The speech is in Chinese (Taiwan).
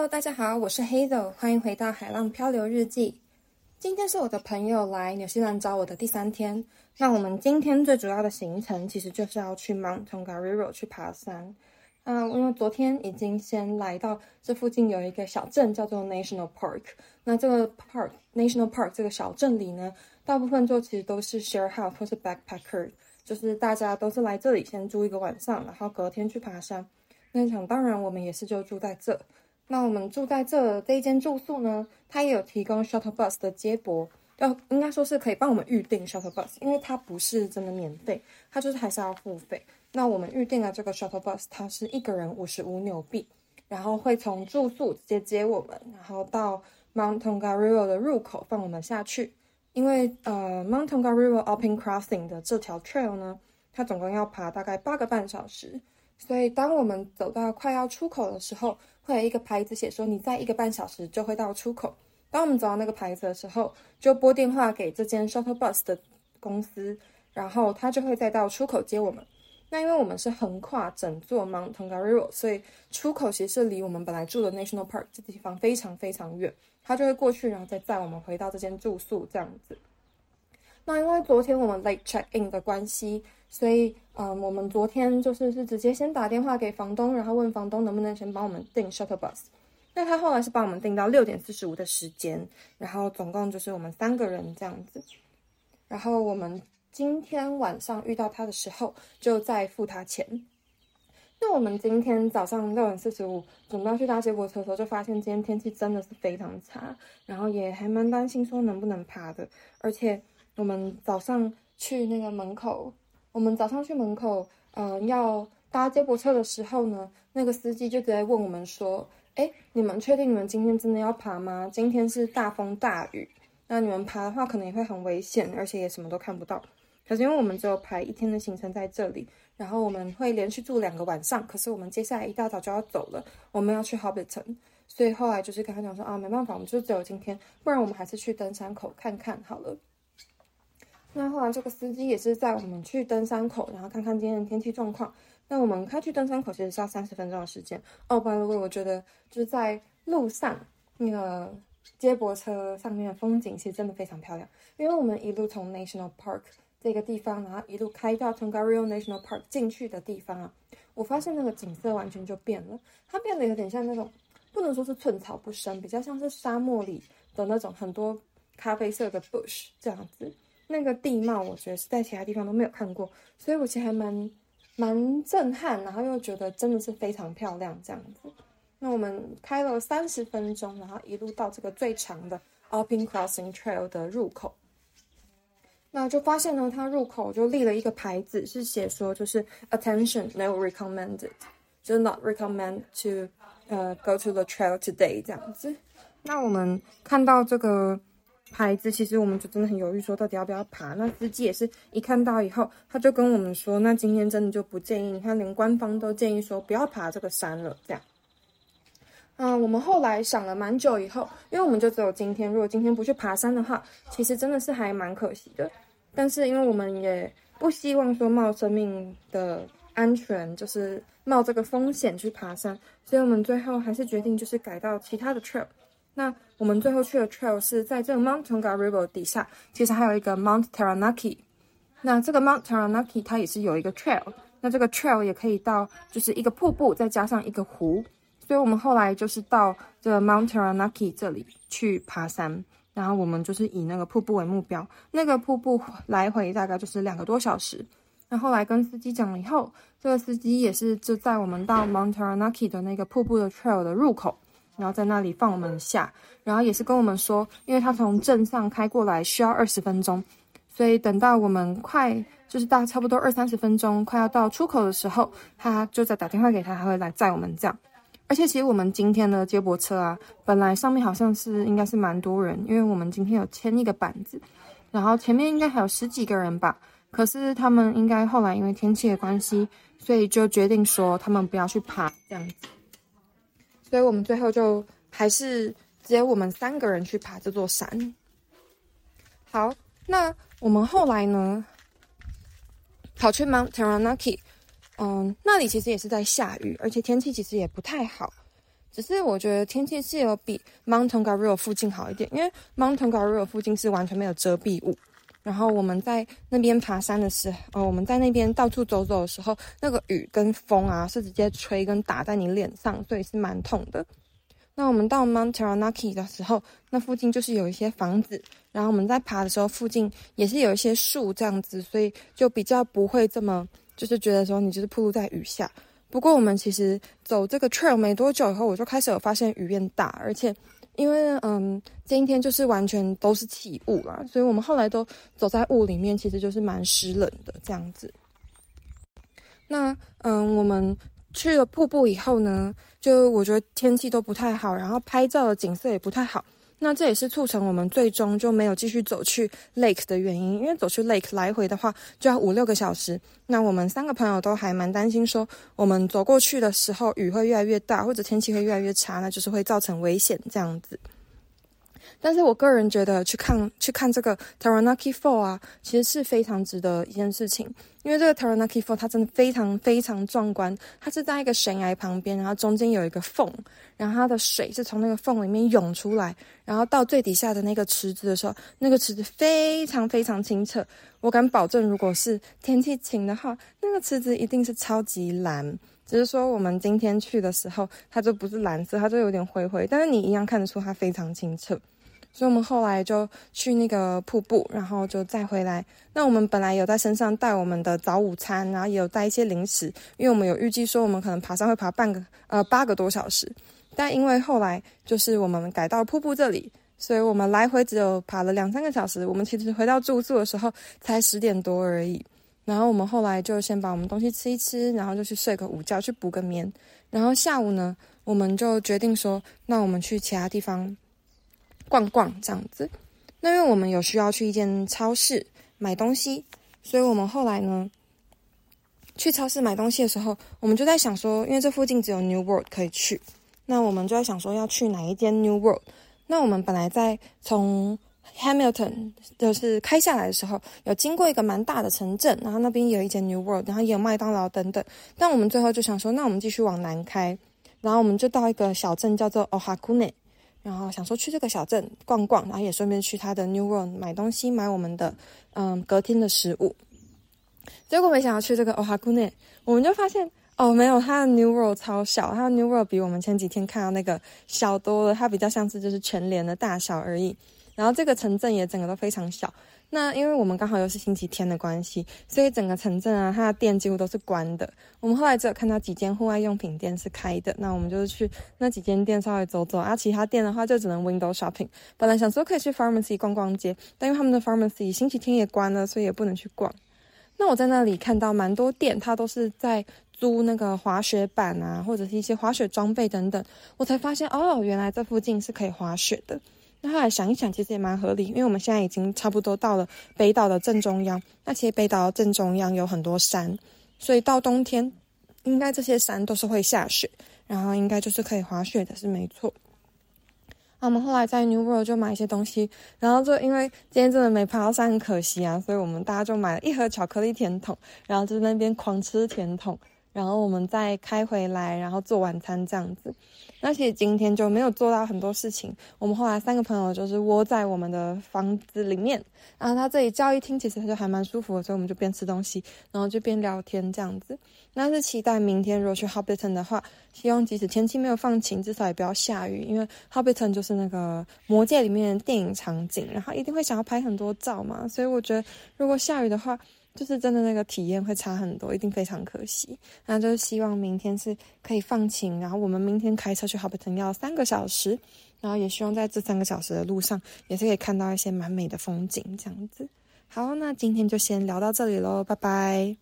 Hello，大家好，我是 Hazel，歡迎回到海浪漂流日記。今天是我的朋友來紐西蘭找我的第三天， 那我們今天最主要的行程其實就是要去 Mount Tongariro 去爬山。啊、uh，因為昨天已經先來到這附近有一個小鎮叫做 National Park，那這個 Park National Park 這個小鎮裡呢，大部分就其實都是 Share House 或是 Backpacker，就是大家都是來這裡先住一個晚上，然後隔天去爬山。那想當然我們也是就住在這。那我們住在這這一間住宿呢，它也有提供 shuttle bus 的接駁，要應該說是可以幫我們預定 shuttle bus，因為它不是真的免費，它就是還是要付費。那我們預定了這個 shuttle bus，它是一個人五十五紐幣，然後會從住宿直接接我們，然後到 Mount Tongariro 的入口放我們下去。因為呃 Mount Tongariro Alpine Crossing 的這條 trail 呢，它總共要爬大概八個半小時，所以當我們走到快要出口的時候，會有一個牌子寫說，你再一個半小時就會到出口。當我們走到那個牌子的時候，就撥電話給這間 shuttle bus 的公司，然後他就會再到出口接我們。那因為我們是橫跨整座 Mount Tongariro，所以出口其實是離我們本來住的 National Park 這地方非常非常遠。他就會過去，然後再載我們回到這間住宿這樣子。那因為昨天我們 late check in 的關係，所以嗯，我們昨天就是是直接先打電話給房東，然後問房東能不能先幫我們訂 shuttle bus。那他後來是幫我們訂到六點四十五的時間，然後總共就是我們三個人這樣子。然後我們今天晚上遇到他的時候，就再付他錢。那我們今天早上六點四十五準備要去搭接駁車的時候，就發現今天天氣真的是非常差，然後也還蠻擔心說能不能爬的，而且。我們早上去那個門口，我們早上去門口，呃，要搭接駁車的時候呢，那個司機就直接問我們說：“哎，你們確定你們今天真的要爬嗎？今天是大風大雨，那你們爬的話可能也會很危險，而且也什麼都看不到。”可是因為我們只有排一天的行程在這裡，然後我們會連續住兩個晚上，可是我們接下來一大早就要走了，我們要去 Hobbiton，所以後來就是跟他講說：“啊，沒辦法，我們就只有今天，不然我們還是去登山口看看好了。”那後來，這個司機也是載我們去登山口，然後看看今天的天氣狀況。那我們開去登山口，其實需要三十分鐘的時間。哦，by the way，我覺得就是在路上那個接駁車上面的風景，其實真的非常漂亮。因為我們一路從 National Park 這個地方，然後一路開到 Tongariro National Park 進去的地方啊，我發現那個景色完全就變了，它變得有點像那種不能說是寸草不生，比較像是沙漠裡的那種很多咖啡色的 bush 這樣子。那個地貌，我覺得是在其他地方都沒有看過，所以我其實還蠻蠻震撼，然後又覺得真的是非常漂亮這樣子。那我們開了三十分鐘，然後一路到這個最長的 Alpine Crossing Trail 的入口，那就發現呢，它入口就立了一個牌子，是寫說就是 Attention, No recommended，就 Not recommend to，呃，uh, go to the trail today 這樣子。那我們看到這個。牌子，其實我們就真的很猶豫，說到底要不要爬。那司機也是一看到以後，他就跟我們說，那今天真的就不建議。你看，連官方都建議說不要爬這個山了，這樣。嗯、啊，我們後來想了蠻久以後，因為我們就只有今天，如果今天不去爬山的話，其實真的是還蠻可惜的。但是因為我們也不希望說冒生命的安全，就是冒這個風險去爬山，所以我們最後還是決定就是改到其他的 trip。那我們最後去的 trail 是在這個 Mount Tongariro 底下，其實還有一個 Mount Taranaki。那這個 Mount Taranaki 它也是有一個 trail，那這個 trail 也可以到就是一個瀑布再加上一個湖，所以我們後來就是到這個 Mount Taranaki 這裡去爬山，然後我們就是以那個瀑布為目標，那個瀑布來回大概就是兩個多小時。那後來跟司機講了以後，這個司機也是就帶我們到 Mount Taranaki 的那個瀑布的 trail 的入口。然後在那裡放我們下，然後也是跟我們說，因為他從鎮上開過來需要二十分鐘，所以等到我們快就是大概差不多二三十分鐘快要到出口的時候，他就在打電話給他，他會來載我們這樣。而且其實我們今天的接駁車啊，本來上面好像是應該是蠻多人，因為我們今天有簽一個板子，然後前面應該還有十幾個人吧，可是他們應該後來因為天氣的關係，所以就決定說他們不要去爬這樣子。所以我們最後就還是只有我們三個人去爬這座山。好，那我們後來呢？跑去 Mount Taranaki，嗯，那裡其實也是在下雨，而且天氣其實也不太好。只是我覺得天氣是有比 Mount Ngauruhoe 附近好一點，因為 Mount Ngauruhoe 附近是完全沒有遮蔽物。然後我們在那邊爬山的時候，哦，我們在那邊到處走走的時候，那個雨跟風啊，是直接吹跟打在你臉上，所以是蠻痛的。那我們到 Mount Taranaki 的時候，那附近就是有一些房子，然後我們在爬的時候，附近也是有一些樹這樣子，所以就比較不會這麼，就是覺得說你就是暴露在雨下。不過我們其實走這個 trail 沒多久以後，我就開始有發現雨變大，而且。因為嗯，今天就是完全都是起霧啦，所以我們後來都走在霧裡面，其實就是蠻濕冷的這樣子。那嗯，我們去了瀑布以後呢，就我覺得天氣都不太好，然後拍照的景色也不太好。那這也是促成我們最終就沒有繼續走去 lake 的原因，因為走去 lake 來回的話就要五六個小時。那我們三個朋友都還蠻擔心說我們走過去的時候雨會越來越大，或者天氣會越來越差，那就是會造成危險這樣子。但是我個人覺得去看去看這個 Taranaki Falls 啊，其實是非常值得一件事情。因為這個 Taranaki Falls 它真的非常非常壯觀，它是在一個懸崖旁邊，然後中間有一個縫，然後它的水是從那個縫裡面湧出來，然後到最底下的那個池子的時候，那個池子非常非常清澈。我敢保證，如果是天氣晴的話，那個池子一定是超級藍。只是說我們今天去的時候，它就不是藍色，它就有點灰灰，但是你一樣看得出它非常清澈。所以我們後來就去那個瀑布，然後就再回來。那我們本來有在身上帶我們的早午餐，然後也有帶一些零食，因為我們有預計說我們可能爬山會爬半個呃八個多小時。但因為後來就是我們改到瀑布這裡，所以我們來回只有爬了兩三個小時。我們其實回到住宿的時候才十點多而已。然後我們後來就先把我們東西吃一吃，然後就去睡個午覺，去補個眠。然後下午呢，我們就決定說，那我們去其他地方逛逛這樣子，那因為我們有需要去一間超市買東西，所以我們後來呢，去超市買東西的時候，我們就在想說，因為這附近只有 New World 可以去，那我們就在想說要去哪一間 New World？那我們本來在從 Hamilton 就是開下來的時候，有經過一個蠻大的城鎮，然後那邊也有一間 New World，然後也有麥當勞等等。但我們最後就想說，那我們繼續往南開，然後我們就到一個小鎮叫做 Ohakune。然後想說去這個小鎮逛逛，然後也順便去他的 New World 買東西，買我們的嗯隔天的食物。結果沒想到去這個 Ohakune，我們就發現哦，沒有他的 New World 超小，他的 New World 比我們前幾天看到那個小多了，它比較像是就是全聯的大小而已。然後這個城鎮也整個都非常小。那因為我們剛好又是星期天的關係，所以整個城鎮啊，它的店幾乎都是關的。我們後來只有看到幾間戶外用品店是開的，那我們就是去那幾間店稍微走走啊。其他店的話就只能 window shopping。本來想說可以去 pharmacy 逛逛街，但因為他們的 pharmacy 星期天也關了，所以也不能去逛。那我在那裡看到蠻多店，它都是在租那個滑雪板啊，或者是一些滑雪裝備等等。我才發現哦，原來這附近是可以滑雪的。那後來想一想，其實也蠻合理，因為我們現在已經差不多到了北島的正中央。那其實北島正中央有很多山，所以到冬天，應該這些山都是會下雪，然後應該就是可以滑雪的是，是沒錯。啊，我們後來在 New World 就買一些東西，然後就因為今天真的沒爬到山，很可惜啊，所以我們大家就買了一盒巧克力甜筒，然後就在那邊狂吃甜筒，然後我們再開回來，然後做晚餐這樣子。那其實今天就沒有做到很多事情。我們後來三個朋友就是窩在我們的房子裡面啊，然後他這裡交誼廳其實就還蠻舒服，所以我們就邊吃東西，然後就邊聊天這樣子。那是期待明天如果去 Hobbiton 的話，希望即使天氣沒有放晴，至少也不要下雨，因為 Hobbiton 就是那個魔戒裡面的電影場景，然後一定會想要拍很多照嘛。所以我覺得如果下雨的話，就是真的那個體驗會差很多，一定非常可惜。那就是希望明天是可以放晴，然後我們明天開車去哈比屯要三個小時，然後也希望在這三個小時的路上也是可以看到一些蠻美的風景，這樣子。好，那今天就先聊到這裡嘍，拜拜。